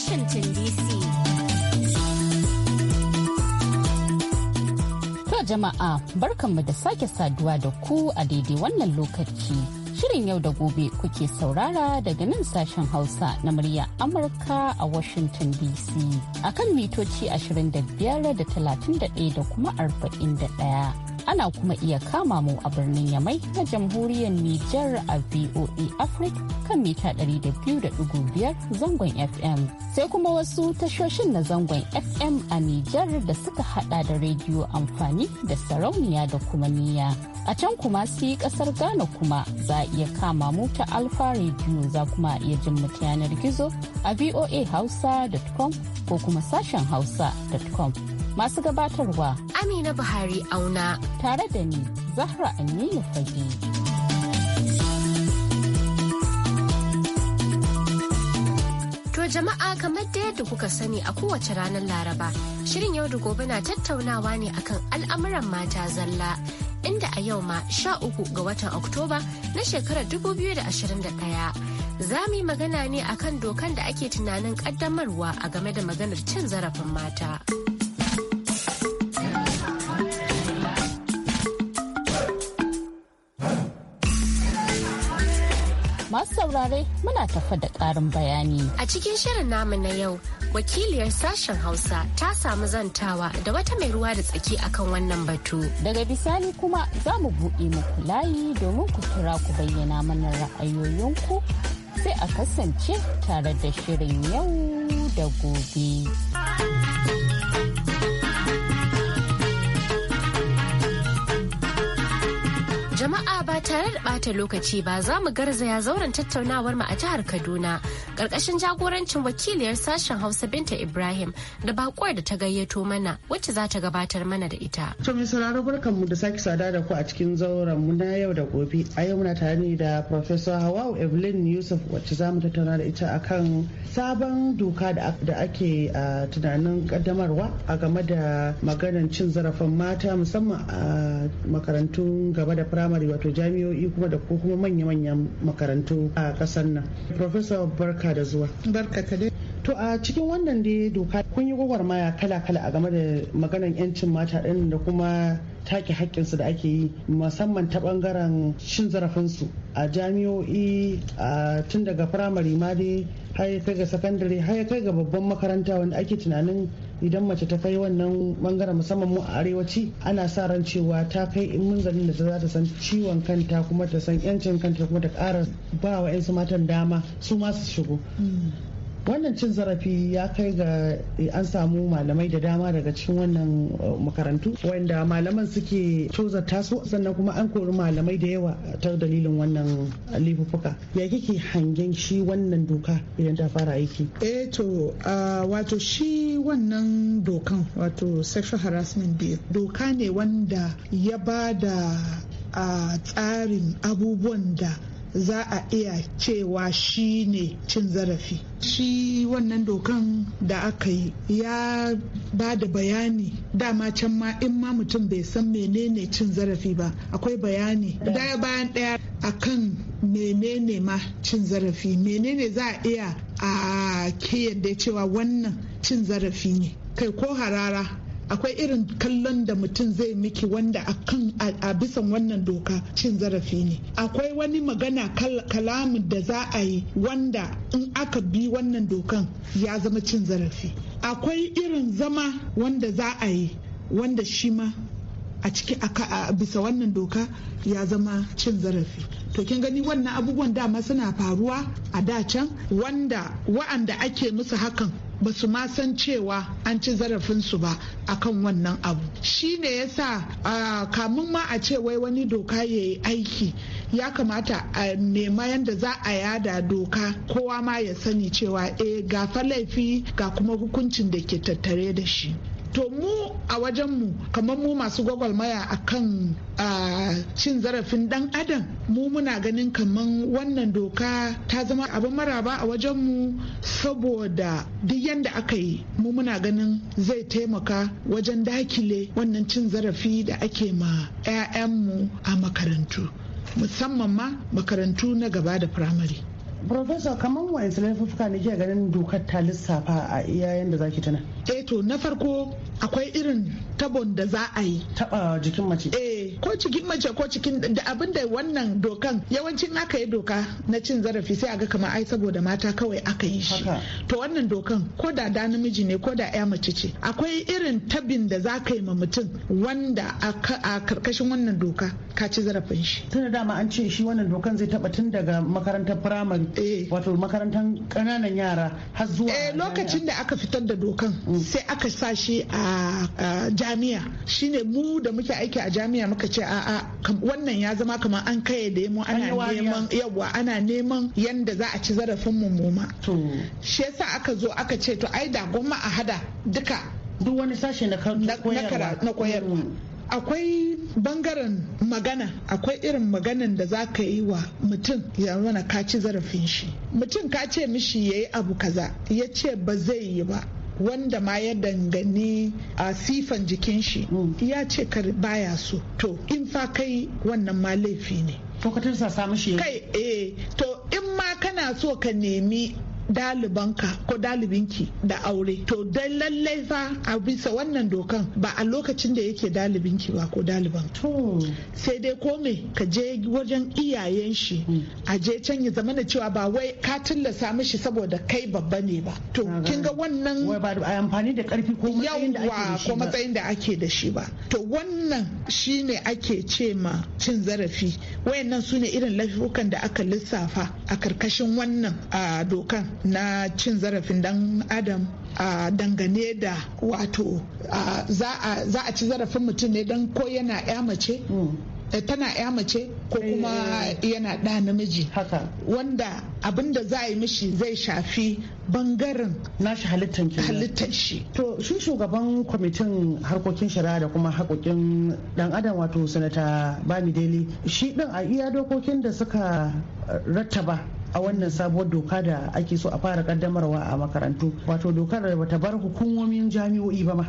Washington DC. To jama'a barkanmu da sake saduwa da ku a daidai wannan lokaci. Shirin yau da gobe kuke saurara daga nan sashen Hausa na murya Amurka a Washington DC akan mitoci 25 da 31 da kuma 41. ana kuma iya kama mu a birnin Yamai na jamhuriyar Nijar a VOA Africa kan mita 200.5 zangon FM. Sai kuma wasu tashoshin na zangon FM a Nijar da suka hada da rediyo amfani da sarauniya da kuma niya. A can kuma si kasar Ghana kuma za a iya kama mu ta Alfa rediyo za kuma iya jin mu yanar gizo a voa hausa.com ko kuma sashen hausa.com. masu gabatarwa Amina Buhari auna tare da ni Zahra Aminu Fage. To jama'a kamar da yadda kuka sani a kowace ranar Laraba, shirin yau da gobe na tattaunawa ne akan al'amuran mata zalla. inda a yau ma sha uku ga watan Oktoba na shekarar 2021. Za mu yi magana ne akan dokan da ake tunanin kaddamarwa a game da maganar cin zarafin mata. masu saurare muna tafa da karin bayani. A cikin shirin namu na yau, wakiliyar sashen Hausa ta samu zantawa da wata mai ruwa da tsaki akan wannan batu. Daga bisani kuma za mu buɗe muku layi domin ku kira ku bayyana mana ra'ayoyinku sai a kasance tare da shirin yau da gobe. Jama'a ba tare da bata lokaci ba za mu garzaya zauren tattaunawar mu a jihar Kaduna ƙarƙashin jagorancin wakiliyar sashen Hausa Binta Ibrahim da bakuwar da ta gayyato mana wacce za ta gabatar mana da ita. To mai sauraro barkan mu da sake sada da ku a cikin zauren mu na yau da gobe. A yau muna tare da Professor Hawau Evelyn Yusuf wacce za mu tattauna da ita akan sabon doka da ake tunanin kaddamarwa a game da maganar cin zarafin mata musamman a makarantun gaba da firamare firamare wato jami'o'i kuma da ko kuma manya-manyan makarantu a kasar nan professor barka da zuwa barka ta dai to a cikin wannan da doka kun yi gwagwarmaya kala-kala a game da maganar 'yancin mata ɗin da kuma take haƙƙinsu da ake yi musamman ta ɓangaren zarafin zarafinsu a jami'o'i a tun daga firamare ma dai har kai ga sakandare har kai ga babban makaranta wanda ake tunanin idan mace ta kai wannan bangaren musamman mu a arewaci ana sa ran cewa ta kai in munzalin da za ta san ciwon kanta kuma ta san yancin kanta kuma ta kara ba wa 'yan matan dama su ma su shigo mm. wannan cin zarafi ya kai ga an samu malamai da dama daga cikin wannan uh, makarantu wanda malaman suke toza taso sannan kuma an kori malamai da yawa ta dalilin wannan laifuka ya kike hangen shi wannan doka idan ta fara aiki eh to uh, wato shi wannan dokan wato sexual harassment bill doka ne wanda ya ba da a uh, tsarin abubuwan da za a iya cewa shi ne cin zarafi shi wannan dokan da aka yi ya ba da bayani dama can ma in ma mutum bai san menene cin zarafi ba akwai bayani daya bayan daya akan menene ma cin zarafi menene za a iya a ke yadda cewa wannan cin zarafi ne kai ko harara akwai irin kallon da mutum zai miki wanda akan a bisan wannan doka cin zarafi ne akwai wani magana kalamin da za a yi wanda in aka bi wannan dokan ya zama cin zarafi akwai irin zama wanda za a yi wanda shi ma a ciki a bisa wannan doka ya zama cin zarafi to kin gani wannan abubuwan dama suna faruwa a dacan wanda wa'anda ake musu hakan ba su ma san cewa an ci zarafin su ba akan wannan abu shi ne ya sa kamun ma a ce wai wani doka ya yi aiki ya kamata a nema yadda za a yada doka kowa ma ya sani cewa e ga laifi ga kuma hukuncin da ke tattare da shi to mu a wajen wajenmu kamar mu masu gwagwalmaya a kan cin zarafin dan adam mu muna ganin kamar wannan doka ta zama abin maraba a wajen mu saboda duk yadda aka yi mu muna ganin zai taimaka wajen dakile wannan cin zarafi da ake ma 'ya'yanmu a makarantu musamman ma makarantu na gaba da firamare Profesa kamar wa'yansu laifuffuka ne ke ganin dokar ta lissafa a iyayen da zaki tana. Eto eh, to na farko akwai irin tabon da za a yi taba jikin mace eh ko cikin mace ko cikin da abin da wannan dokan yawancin aka yi doka na cin zarafi sai a ga kamar ai saboda mata kawai aka yi shi to wannan dokan ko da da namiji ne ko da ya mace ce akwai irin tabin da za ka yi ma mutum wanda a karkashin wannan doka ka ci zarafin shi tun dama an ce shi wannan dokan zai taba tun daga makarantar firamare eh. wato makarantar kananan yara har zuwa eh lokacin da aka fitar da dokan mm. sai aka sa shi a jami'a shine mu da muke aiki a jami'a muka ce a a wannan ya zama kamar an kai da mu ana neman yadda ana yanda za a ci zarafin mu ma shi yasa aka zo aka ce to ai da gwamma a hada duka duk wani sashe na koyarwa akwai bangaren magana akwai irin maganan da za ka yi wa mutum ya mana ka ci zarafin shi mutum ka ce mishi ya yi abu kaza ya ce ba zai yi ba wanda ma ya dangani a sifan jikin shi mm. ya ce baya so to in fa kai wannan ma laifi ne to ka tursa mishi kai eh to in ma kana so ka nemi dalibanka ko dalibinki da aure to dai lallai fa a bisa wannan dokan ba a lokacin da yake dalibinki ba ko daliban sai dai ko me ka je wajen iyayen shi hmm. a je can ya zama cewa ba wai ka tillasa mishi saboda kai babba ne ba to kin ga wannan amfani da ko matsayin da ake da shi ba to wannan shine ake ce ma cin zarafi wayannan su ne irin laifukan da aka lissafa a karkashin wannan a dokan na cin zarafin dan adam a dangane da wato za a ci zarafin mutum ne don ko yana ya mace mm. eh, tana ya mace ko kuma eh. yana ɗa namiji wanda abin da za a yi mishi zai shafi bangaren nashi halittan shi to shi shugaban kwamitin harkokin shari'a da kuma haƙoƙin ɗan adam wato sanata bami deli shi ɗin a iya dokokin da suka rattaba a wannan sabuwar doka da ake so a fara kaddamarwa a makarantu wato dokar da bata bar hukumomin jami'o'i ba ma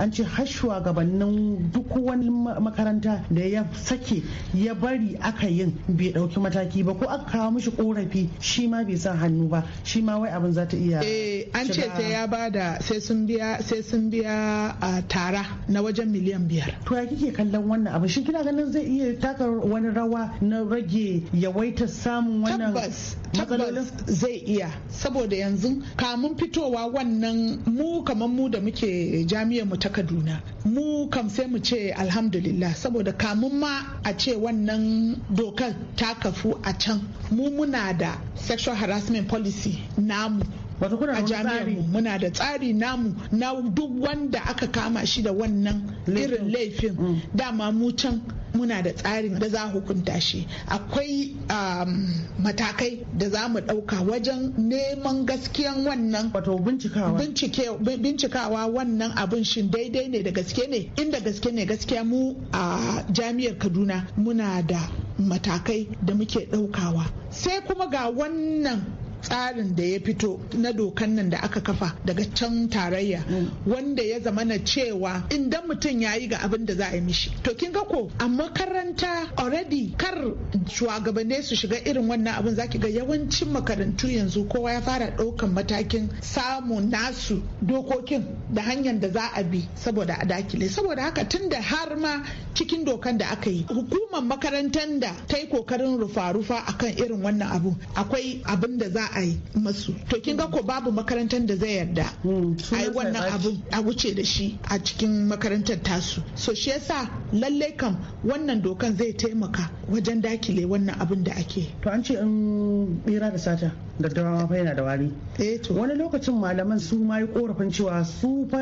an ce har shugabannin duk wani makaranta da ya sake ya bari aka yin bai dauki mataki ba ko aka kawo mishi korafi shi ma bai sa hannu ba shi ma wai abin za ta iya eh an ce sai ya bada sai sun biya sai sun biya tara na wajen miliyan biyar to ya kike kallon wannan abu? shi kina ganin zai iya taka wani rawa na rage yawaitar samun wannan tabbas matsalolin zai iya saboda yanzu kamun fitowa wannan mu kamar mu da muke jami'ar mu ta kaduna mu kam sai mu ce alhamdulillah saboda kamun ma a ce wannan dokar ta kafu a can mu muna da sexual harassment policy namu a jami'ar mu muna da tsari namu na duk wanda aka kama shi da wannan irin laifin mm. dama mu can muna da tsarin da za hukunta shi akwai um, matakai da za mu ɗauka wajen neman gaskiyan wannan wato bincikawa wannan abin shin daidai ne da gaske ne inda gaske ne gaskiya mu a jami'ar kaduna muna da matakai da muke ɗaukawa sai kuma ga wannan tsarin da ya fito na dokan nan da aka kafa daga can tarayya wanda ya zama na cewa idan mutum ya yi ga abin da za a yi mishi to kin ga ko a makaranta already kar shugabanni su shiga irin wannan abin zaki ga yawancin makarantu yanzu kowa ya fara ɗaukan matakin samu nasu dokokin da hanyar da za a bi saboda a dakile saboda haka tun da har ma cikin dokan da aka yi hukumar makarantar da ta yi kokarin rufa-rufa akan irin wannan abu akwai abin da za a a yi masu to kin ga ko babu makarantar da zai yarda hmm, a yi wannan abu a wuce da shi a cikin makarantar tasu so shi yasa lalle kam wannan dokan zai taimaka wajen dakile wannan abin da ake to an ce in bera da sata daddawa fa yana da wari eh, wani lokacin malaman su ma yi korafin cewa su fa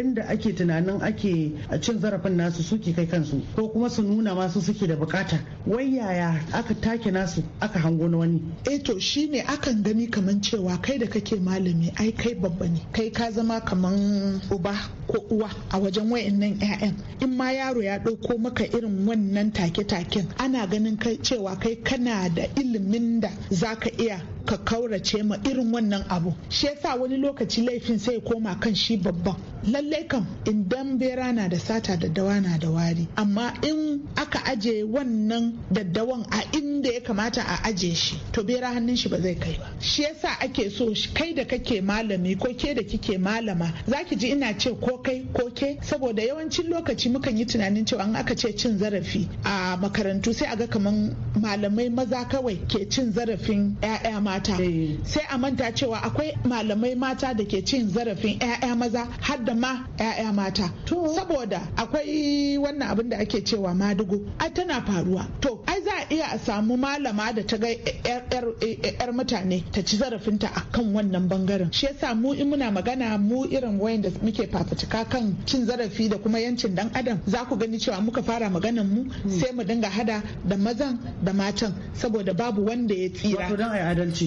inda ake tunanin ake cin zarafin nasu suke kai kansu ko kuma su nuna masu suke da bukata wai yaya aka take nasu aka hango na wani eh to ne akan gani kaman cewa kai da kake malami ai kai babba ne kai ka zama kaman uba ko uwa a wajen wayannan yayan in ma yaro ya ɗauko maka irin wannan take-taken ana ganin kai cewa kai kana da ilimin da zaka iya ka kaurace ma irin wannan abu shi yasa wani lokaci laifin sai ya koma kan shi babban lallai kam idan bera na da sata daddawa na da wari amma in aka aje wannan daddawan a inda ya kamata a aje shi to bera hannun shi ba zai kai ba shi yasa ake so kai da kake malami ko ke da kike malama zaki ji ina ce ko kai ko ke saboda yawancin lokaci mukan yi tunanin cewa an aka ce cin zarafi a makarantu sai a ga kaman malamai maza kawai ke cin zarafin 'ya'ya mata mata eh. sai a manta cewa akwai malamai mata da ke cin zarafin 'ya'ya maza har da ma 'ya'ya mata saboda akwai wannan abin da ake cewa madugo ai tana faruwa to ai za a iya a samu malama da ta ga 'yar mutane ta ci zarafinta a kan wannan bangaren shi yasa mu in muna magana mu irin wayan da muke fafutuka kan cin zarafi da kuma yancin dan adam za ku gani cewa muka fara maganan mu hmm. sai mu dinga hada da mazan da matan saboda babu wanda ya tsira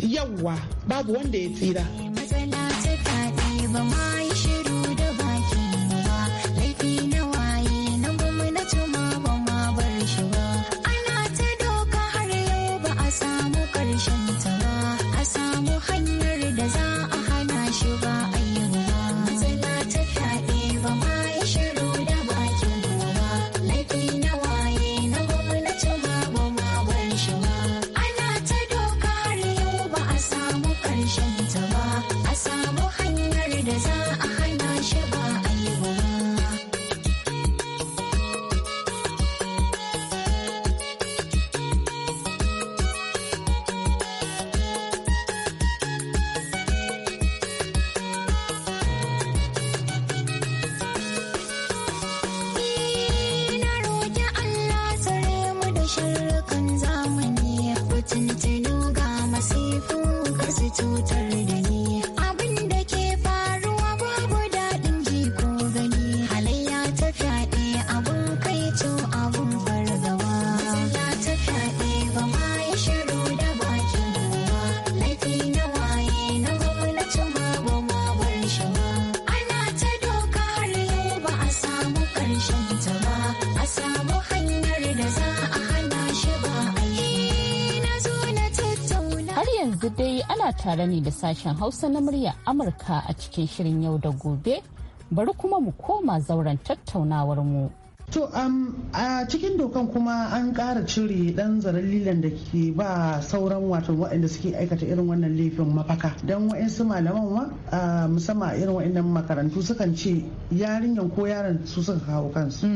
talauci yawwa babu wanda ya tsira. Matsala ta ba dai ana tare ne da sashen hausa na murya amurka a cikin shirin yau da gobe bari kuma mu koma zauren tattaunawar mu. To um, a cikin dokan kuma an ƙara cire ɗan lilan da ke ba sauran wato waɗanda suke aikata irin wannan laifin mafaka. Don waɗansu malaman ma musamman irin waɗannan makarantu sukan ce yarinyan ko yaran su suka kawo kansu.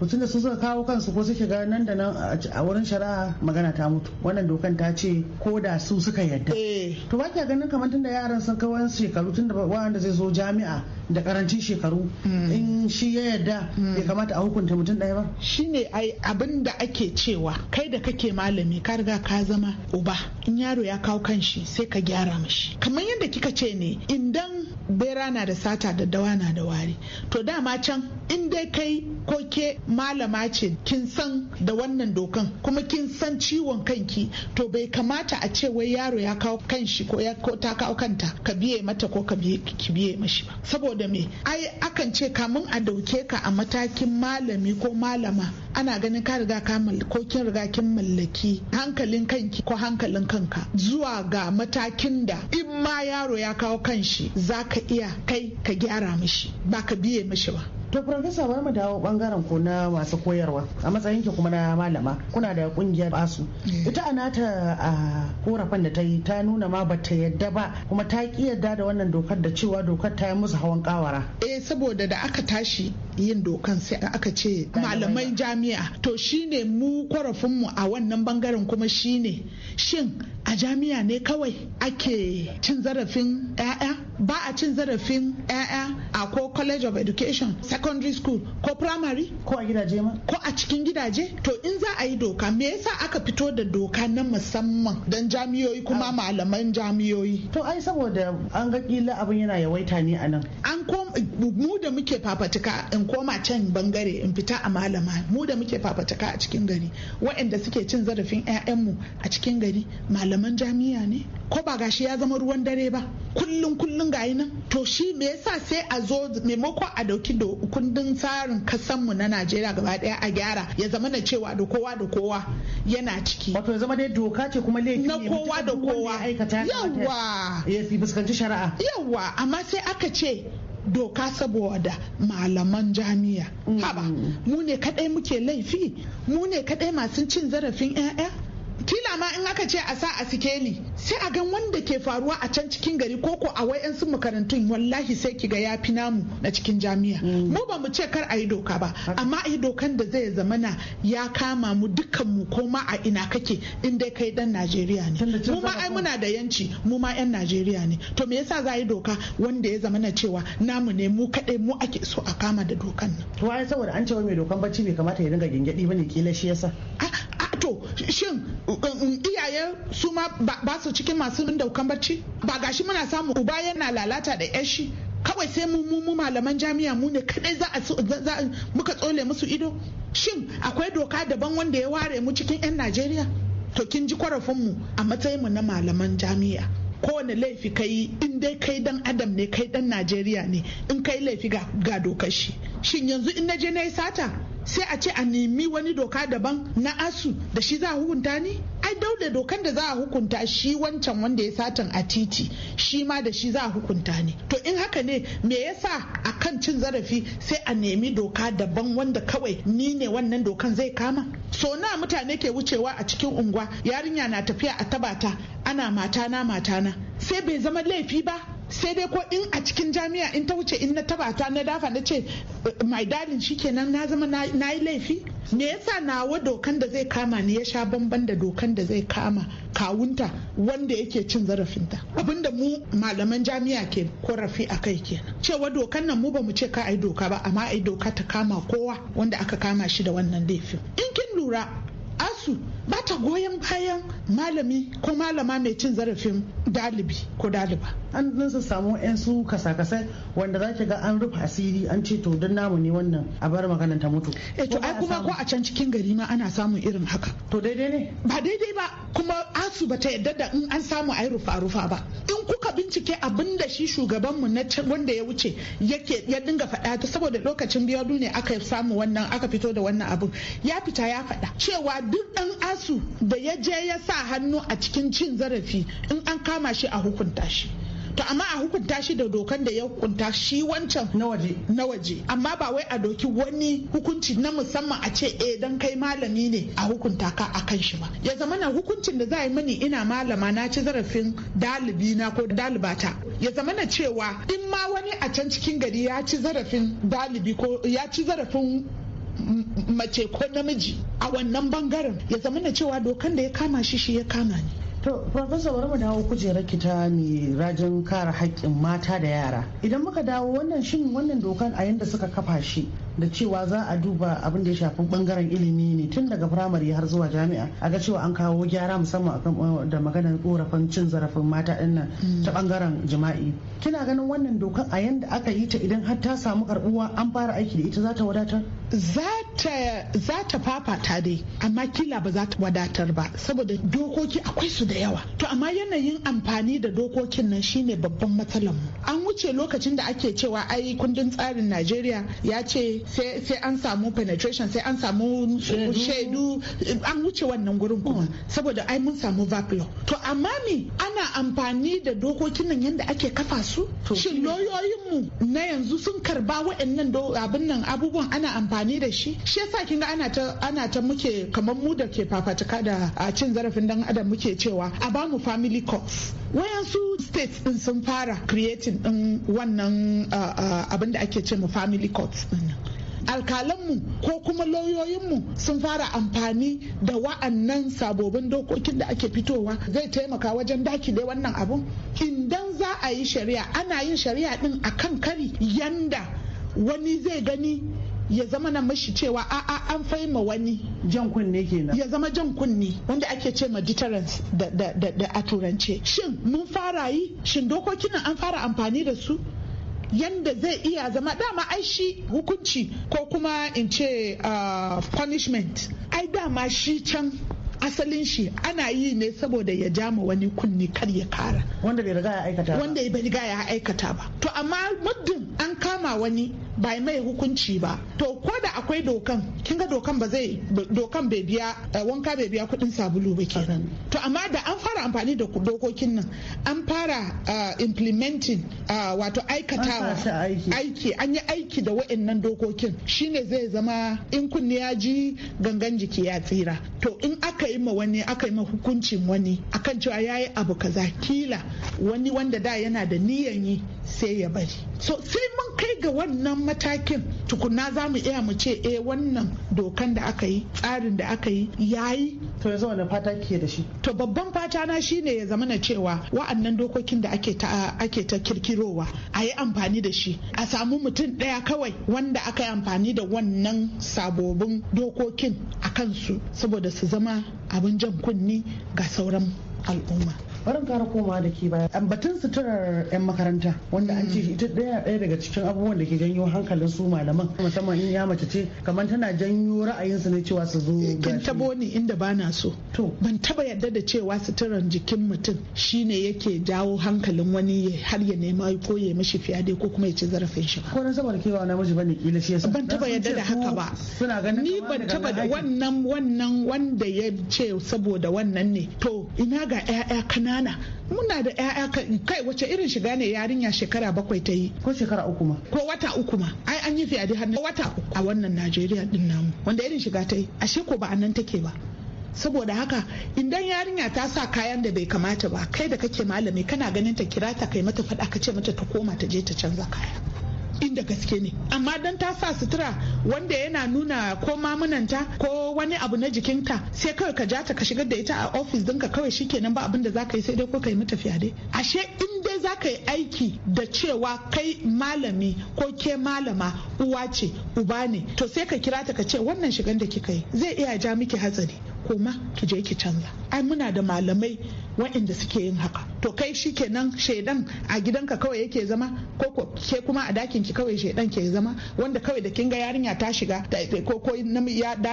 Mutum hmm. da su suka kawo kansu ko suke ga nan da nan a wurin shari'a magana ta mutu. Wannan dokan ta ce ko da su suka yadda. Eh. To ba ganin kamar tun da yaran sun kawo wani shekaru tun da wanda zai zo jami'a da karancin shekaru hmm. in shi ya yarda ya hmm. kamata a hukunta mutum ɗaya ba shine ne abin da ake cewa kai da kake malami ka riga ka zama uba in yaro ya kawo kanshi sai ka gyara mashi kamar yadda kika ce ne idan bera na da sata da dawa na da wari to dama can in dai kai ko ke malama ce kin san da wannan dokan kuma kin san ciwon kanki to bai kamata a ce wai yaro ya kawo kanshi ko ya ko ta kawo kanta ka biye mata ko ka biye ki biye mashi ba saboda me ai akan ce kamun a dauke ka a matakin malami ko malama ana ganin ka riga ka ko kin riga kin mallaki hankalin kanki ko hankalin kanka zuwa ga matakin da in ma yaro ya kawo kanshi zaka iya kai ka gyara mashi ba ka biye mashi ba to profesa bari mu dawo bangaren ko na masu koyarwa a matsayin ki kuma na malama kuna da kungiyar basu eh. ita a nata a korafin da ta yi ta nuna ma bata yadda ba kuma ta ki yadda da wannan dokar da cewa dokar ta yi musu hawan kawara eh saboda da aka tashi yin dokan sai aka ce malamai jami'a to shine mu korafin mu a wannan bangaren kuma shine shin a jami'a ne kawai ake cin zarafin 'ya'ya ba a cin zarafin 'ya'ya a ko college of education secondary school ko primary ko a gidaje ma ko a cikin gidaje to in za a yi doka me yasa aka fito da doka na musamman don jami'oi kuma ah. malaman jami'oi to ai saboda an ga kila abin yana yawaita ne a an ko mu da muke fafatuka in koma can bangare in fita a malama mu da muke fafatuka a cikin gari waɗanda suke cin zarafin mu a cikin gari malaman jami'a ne ko ba gashi ya zama ruwan dare ba kullum kullum nan gayi nan to shi me yasa sai a zo maimakon a dauki da kundin tsarin kasan mu na Najeriya gaba daya a gyara ya zama na cewa da kowa da kowa yana ciki wato ya zama dai doka ce kuma laifi na kowa da kowa yawa ya fuskanci shari'a yawa amma sai aka ce doka saboda malaman jami'a mm. haba mu ne kadai muke laifi mu ne kadai masu cin zarafin 'ya'ya tila ma in aka ce a sa a sikeli sai a gan wanda ke faruwa a can cikin gari ko ko a wayansu makarantun wallahi sai ki ga yafi namu na cikin jami'a mm. mu ba mu ce kar a yi doka ba amma a yi dokan da zai zamana ya kama mu dukkan mu ko ma a ina kake in dai kai dan Najeriya ne mu ma ai muna da yanci mu ma yan Najeriya ne to me yasa za a yi doka wanda ya zamana cewa namu ne mu kaɗai mu ake so a kama da dokan nan to ai saboda an cewa mai dokan bacci bai kamata ya dinga gingedi bane kila shi yasa to shin um, iyaye su ma ba su cikin masu daukan barci ba gashi muna samu uba yana lalata da shi. kawai sai mu mu malaman jami'a mu ne kadai za a muka tsole musu ido shin akwai doka daban wanda ya ware mu cikin 'yan najeriya to kin ji mu a matsayin mu na malaman jami'a kowane laifi kai in dai kai dan adam ne kai dan najeriya ne in kai laifi ga dokar shi shin yanzu in na je na yi sata sai a ce a nemi wani doka daban na asu da shi za a hukunta ni ai daule dokan da za a hukunta shi wancan wanda ya satan a titi shi ma da shi za a hukunta ni. to in haka ne me yasa a kan cin zarafi sai a nemi doka daban wanda kawai ni ne wannan dokan zai kama so na mutane ke wucewa a cikin unguwa yarinya na tafiya a tabata ana matana matana sai bai zama laifi ba sai dai ko in a cikin jami'a in ta wuce in na taba ta na dafa na ce mai shi ke shikenan na zama na yi laifi me yasa nawa dokan da zai kama ne ya sha bamban da dokan da zai kama kawunta wanda yake cin zarafinta abinda mu malaman jami'a ke korafi a kai kenan cewa dokan nan mu ba mu ce ka ai doka ba amma ai doka ta kama kowa wanda aka kama shi da wannan laifin in kin lura asu ba ta goyon bayan malami ko malama mai cin zarafin dalibi ko daliba an nan su samu yan su kasa-kasai wanda za ki ga an rufe asiri an ce to don namu ne wannan a bar maganar ta mutu eh to ai kuma ko a can cikin gari ma ana samun irin haka to daidai ne ba daidai ba kuma asu ba ta yadda da in an samu ai rufa-rufa ba in kuka bincike abin da shi shugabanmu na wanda ya wuce yake ya dinga faɗa ta saboda lokacin biyar ne aka samu wannan aka fito da wannan abun ya fita ya faɗa cewa duk ɗan asu da ya je ya sa hannu a cikin cin zarafi in an kama kama shi a hukunta shi to amma a hukunta shi da dokan da ya hukunta shi wancan na waje amma ba wai a doki wani hukunci na musamman a ce eh dan kai malami ne a hukunta ka a kan shi ba ya zama na hukuncin da za a yi mani ina malama na ci zarafin dalibi na ko dalibata ya zama na cewa in ma wani a can cikin gari ya ci zarafin dalibi ko ya ci zarafin mace ko namiji a wannan bangaren ya zama na cewa dokan da ya kama shi shi ya kama ni To, Profesa bari mu dawo kujerar kita mai rajin kare haƙƙin mata da yara. Idan muka dawo wannan shin wannan dokan a yanda suka kafa shi da cewa za a duba abin da ya shafi bangaren ilimi ne tun daga firamare har zuwa jami'a a ga cewa an kawo gyara musamman akan uh, da maganar korafin cin zarafin mata din nan mm. ta bangaren jima'i kina ganin wannan dokar a yanda aka yi ta idan har ta samu karbuwa an fara aiki da ita za ta wadatar za ta fafata dai amma kila ba za ta wadatar ba saboda dokoki akwai su da yawa to amma yanayin amfani da dokokin nan shine babban matsalar mu an wuce lokacin da ake cewa ai kundin tsarin najeriya ya ce sai an samu penetration sai an samu shaidu an wuce wannan gurin kuma hmm. saboda ai mun samu vaplo to amma me ana amfani da dokokin nan yadda ake kafa su shin mu na yanzu sun karba wa'annan abin nan abubuwan ana amfani da shi shi yasa kinga ana ta ana ta muke kamar mu da ke fafatuka da cin zarafin dan adam muke cewa a bamu family courts wayansu states din sun fara creating din wannan abin da ake ce mu family courts din alkalanmu ko kuma lauyoyinmu sun fara amfani da wa'annan sabobin dokokin da ake fitowa zai taimaka wajen dakile wannan abun idan za a yi shari'a ana yin shari'a din akan kari yanda wani zai gani ya zama na mashi cewa a'a an ma wani jan kunne kenan ya zama jan kunne wanda ake ce ma deterrence da, da, da, da a turance shin mun fara yi shin dokokin an fara amfani da su yanda zai iya zama dama ai shi hukunci ko kuma in ce uh, punishment ai dama shi can asalin shi ana yi ne saboda ya jama wani kunni kar ya kara wanda bai riga ya aikata wanda bai riga ya aikata ba to amma muddin an kama wani ba mai hukunci ba to ko da akwai dokan kin ga dokan ba zai dokan bai biya eh, wanka bai biya kudin sabulu ba kenan to amma da an fara amfani da dokokin nan an fara eh, implementing eh, wato aikatawa aiki an yi aiki da wa'annan dokokin shine zai zama in kunne ya ji gangan jiki ya tsira to in aka yi ma wani aka yi ma hukuncin wani akan cewa ya yi abu kaza kila wani wanda da yana da niyan yi sai ya bari so sai mun kai ga wannan matakin tukuna za mu iya mu ce eh wannan dokan da aka yi tsarin da aka yi yayi to yanzu wani fata ke da shi to babban fata na shine ya zama na cewa wa'annan dokokin da ake ta ake ta kirkirowa a yi amfani da shi a samu mutum ɗaya kawai wanda aka yi amfani da wannan sabobin dokokin a kansu saboda su zama abin jan kunni ga sauran al'umma barin kara koma da ke baya batun suturar 'yan makaranta wanda an ce ita daya daya daga cikin abubuwan da ke janyo hankalin su malaman musamman in ya mace ce kamar tana janyo ra'ayinsu ne cewa su zo eh, kin tabo ni inda bana so to ban taba yadda da cewa suturar jikin mutum shine yake jawo hankalin wani har ya nema ko ya mishi fiyade ko kuma ya ci zarafin shi ko na saboda kewa na miji bane kila shi yasa ban taba yadda da haka ba suna ganin ni ban taba da wannan wannan wanda ya ce saboda wannan ne to ina ga ƴaƴa kana ƙanana muna da 'ya'ya kai wace irin shiga ne yarinya shekara bakwai ta yi ko shekara uku ma ko wata uku ma ai an yi fiyade har wata uku a wannan najeriya din namu wanda irin shiga ta yi ashe ko ba a nan take ba saboda haka idan yarinya ta sa kayan da bai kamata ba kai da kake malami kana ganin ta kira ta kai mata faɗa ka ce mata ta koma ta je ta canza kaya inda gaske ne amma dan ta sa sutura wanda yana nuna ko mamunanta ko wani abu na jikinta sai kawai ka jata ka shigar da ita a ofis dinka kawai shikenan ba abin da zaka yi sai dai ko ka yi mata fyaɗe ashe in dai zaka yi aiki da cewa kai malami ko ke malama uwa ce uba ne to sai ka kira ta ka ce wannan shigan da kika yi zai iya ja miki hatsari koma ki je ki canza ai muna da malamai waɗanda suke yin haka to kai shi kenan shaidan a gidanka kawai yake zama ko ke kuma a dakin ki kawai shaidan ke zama wanda kawai da kin ga yarinya ta shiga ko ko da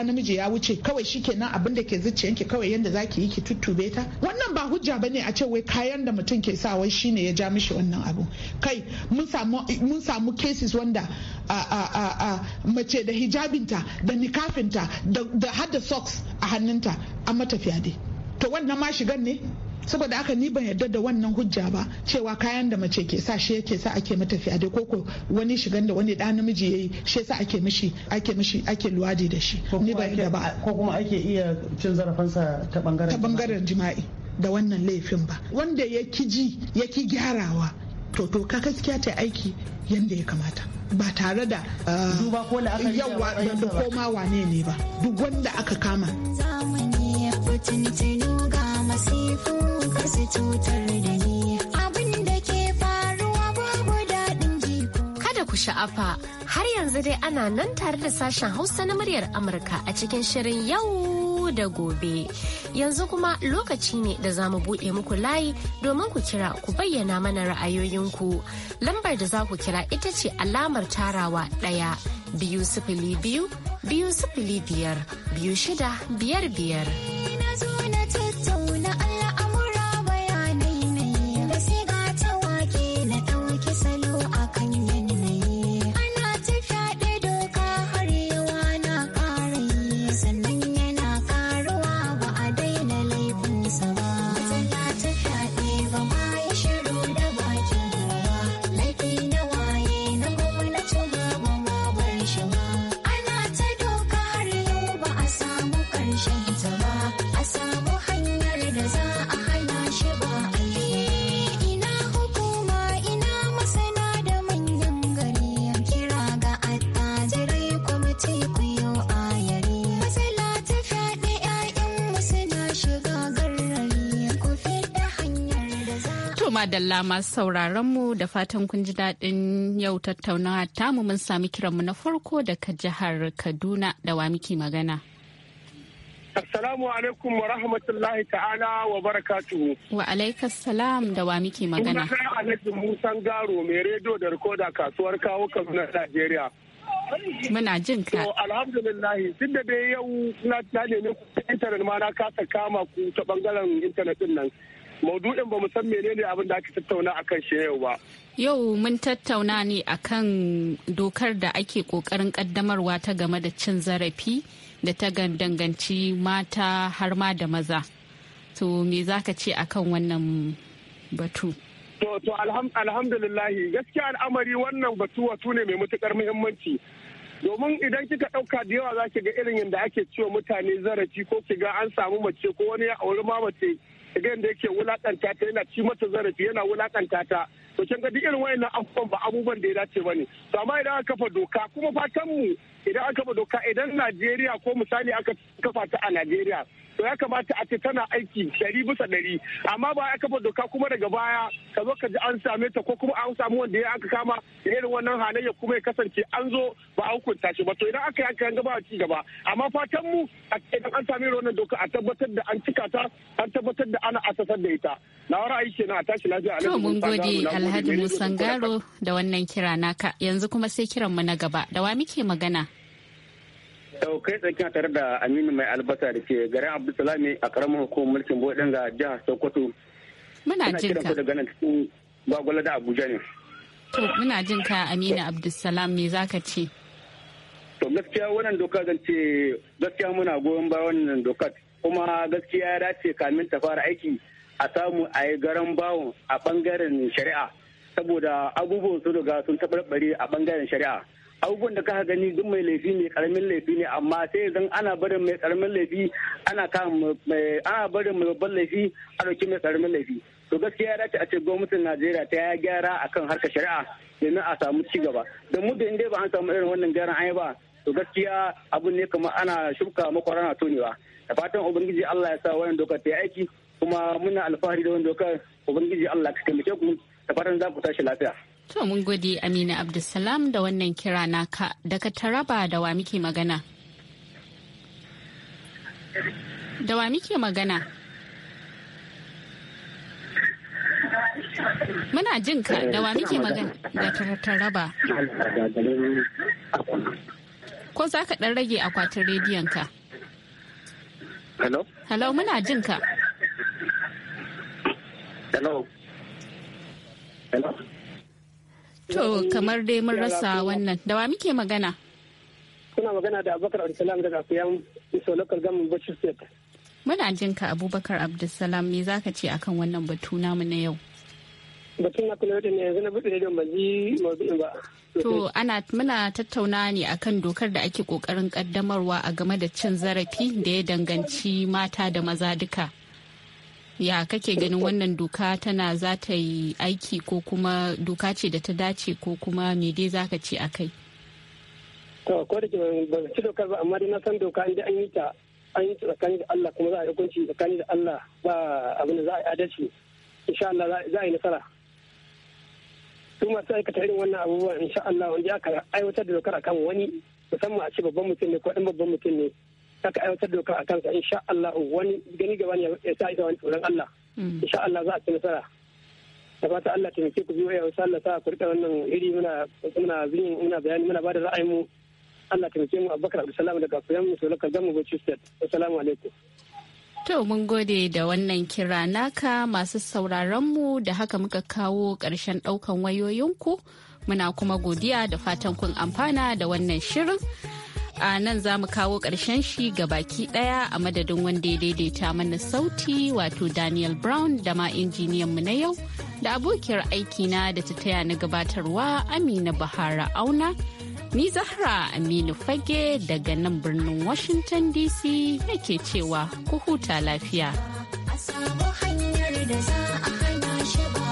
namiji ya wuce kawai shi kenan abin da ke zuciyanki kawai yanda zaki yi ki tuttube ta wannan ba hujja bane a ce wai kayan da mutum ke sa wai shine ya ja mishi wannan abu kai mun samu mun samu cases wanda a a a, a mace da hijabinta da nikafinta da, da hada socks a hannunta a matafiya dai to wannan ma shigan ne saboda haka ni ban yarda da wannan hujja ba cewa kayan da mace ke sa shi yake sa ake mata fyaɗe ko koko wani shigan da wani ɗa namiji yayi shi yasa ake mishi ake mishi ake luwadi da shi ni ban yarda ba ko kuma ake iya cin zarafansa ta bangaren ta bangaren jima'i da wannan laifin ba wanda ya kiji ya ki gyarawa to to ka gaskiya ta aiki yanda ya kamata ba tare da ah, duba ko aka yawa da koma wane ne ba duk wanda aka kama zamani ya fitin ga masifu Kada ku sha'afa har yanzu dai ana nan tare da sashen Hausa na muryar Amurka a cikin shirin yau da gobe. Yanzu kuma lokaci ne da za mu buɗe muku layi domin ku kira ku bayyana mana ra'ayoyinku. Lambar da za ku kira ita ce alamar tarawa ɗaya biyu sifili biyu biyu sifili biyar biyu shida biyar biyar. dalla masu sauraron mu da fatan kun ji daɗin yau tattaunawa tamu mun sami kiranmu na farko daga jihar Kaduna da wa muke magana. Assalamu alaikum wa rahmatullahi ta'ala wa barakatuhu. Wa alaikas salam da wa muke magana. Musan Garo mai rediyo da rikoda kasuwar kawo Kaduna Najeriya. Muna jin ka. To alhamdulillah duk da dai yau na ne ku ta intanet ma na kasa kama ku ta bangaren intanet din nan. maudu'in ba mu san menene abin da aka tattauna a kan shi yau ba yau mun tattauna ne a kan dokar da ake ƙoƙarin ƙaddamarwa ta game da cin zarafi da ta danganci mata har ma da maza to me za ka ce akan wannan batu to to alhamdulillahi gaskiya al'amari wannan batu wato ne mai matukar muhimmanci domin idan kika ɗauka da yawa za ki ga irin yadda ake ciwo mutane zarafi ko ki ga an samu mace ko wani ya auri ma mace ga yadda yake wulakanta ta yana ci mata zarafi yana wulakanta ta to can ga duk irin wayannan abubuwan ba abubuwan da ya dace ba ne to amma idan aka kafa doka kuma fatan mu idan aka kafa doka idan Najeriya ko misali aka kafa ta a Najeriya to ya kamata a ce tana aiki dari bisa dari amma ba ya kafa doka kuma daga baya ka zo ka ji an same ta ko kuma an samu wanda ya aka kama da irin wannan halayya kuma ya kasance an zo ba a hukunta shi ba to idan aka yanka yanga ba a ci gaba amma fatan mu idan an same wannan doka a tabbatar da an cika ta an tabbatar da ana asasar da ita na ra'ayi kenan a tashi lafiya a mun Alhaji Musan Garo da wannan kira naka yanzu kuma sai kiran mu na gaba da wa muke magana. Yau kai tsakiya tare da Aminu mai albasa da ke garin Abdulsalami a karamar hukumar mulkin Bodin ga jihar Sokoto. Muna jin ka. daga nan cikin Gwagwala da Abuja ne. To muna jin ka Aminu Abdulsalam me zaka ce? To gaskiya wannan doka zan ce gaskiya muna goyon bayan wannan dokar kuma gaskiya ya dace kamin ta fara aiki a samu a yi garan bawon a bangaren shari'a saboda abubuwan su daga sun taɓarɓare a bangaren shari'a abubuwan da kaka gani duk mai laifi mai karamin laifi ne amma sai idan ana barin mai karamin laifi ana kan ana barin mai babban laifi a dauki mai karamin laifi to gaskiya ya dace a ce gwamnatin Najeriya ta ya gyara akan harkar shari'a domin a samu ci gaba da mu da inda ba an samu irin wannan gyaran ai ba to gaskiya abun ne kamar ana shuka makwarana tonewa da fatan ubangiji Allah ya sa wannan dokar ta yi aiki kuma muna alfahari da wanda dokar ubangiji Allah ka taimake ku da fatan za ku tashi lafiya. To mun gode Amina Abdulsalam da wannan kira naka daga Taraba da wa muke magana. Da wa muke magana? Muna jin ka da wa muke magana da Taraba. Ko za ka ɗan rage akwatin rediyon ka? Hello? Hello muna jin ka. Hello. Hello. To kamar dai mun rasa wannan da wa muke magana? Kuna magana da Abubakar Abdulsalam daga Kuyan Iso Local Government Bauchi State. Muna jin ka Abubakar Abdulsalam me zaka ce akan wannan batu namu na yau? Batun na kula ne yanzu na buɗe rediyon ban ji ba. To ana muna tattauna ne akan dokar da ake kokarin kaddamarwa a game da cin zarafi da ya danganci mata da maza duka. ya kake ganin wannan doka tana za ta yi aiki ko kuma doka ce da ta dace ko kuma me dai za ka ce a kai to ko da ba ci dokar ba amma dai na san doka inda an yi ta an yi ta tsakanin da Allah kuma za a yi hukunci tsakanin da Allah ba abin da za a yi adalci insha Allah za a yi nasara su masu aikata irin wannan abubuwan insha Allah wanda aka aiwatar da dokar a kan wani musamman a ce babban mutum ne ko ɗan babban mutum ne aka aiwatar doka a kansa insha Allah wani gani gaba ne ya sa isa wani tsoron Allah mm. insha Allah za a ci nasara da fata Allah ta ku biyo ya wasu Allah sa ku rika wannan iri muna muna bin muna bayani muna bada ra'ayin mu Allah ta mu Abubakar Abdulsalam daga Kuyan Musulun Kalgamu Bauchi State assalamu alaikum To mun gode da wannan kira naka masu sauraronmu da haka muka kawo ƙarshen ɗaukan wayoyinku muna kuma godiya da fatan kun amfana da wannan shirin. a nan za mu kawo ƙarshen shi ga baki ɗaya a madadin wanda ya daidaita mana sauti wato daniel brown da ma injiniyan mu na yau da abokiyar aikina da ta taya na gabatarwa amina bahara auna ni zahra aminu fage daga nan birnin washington dc yake cewa ku huta lafiya. hanyar da za a hana shi ba.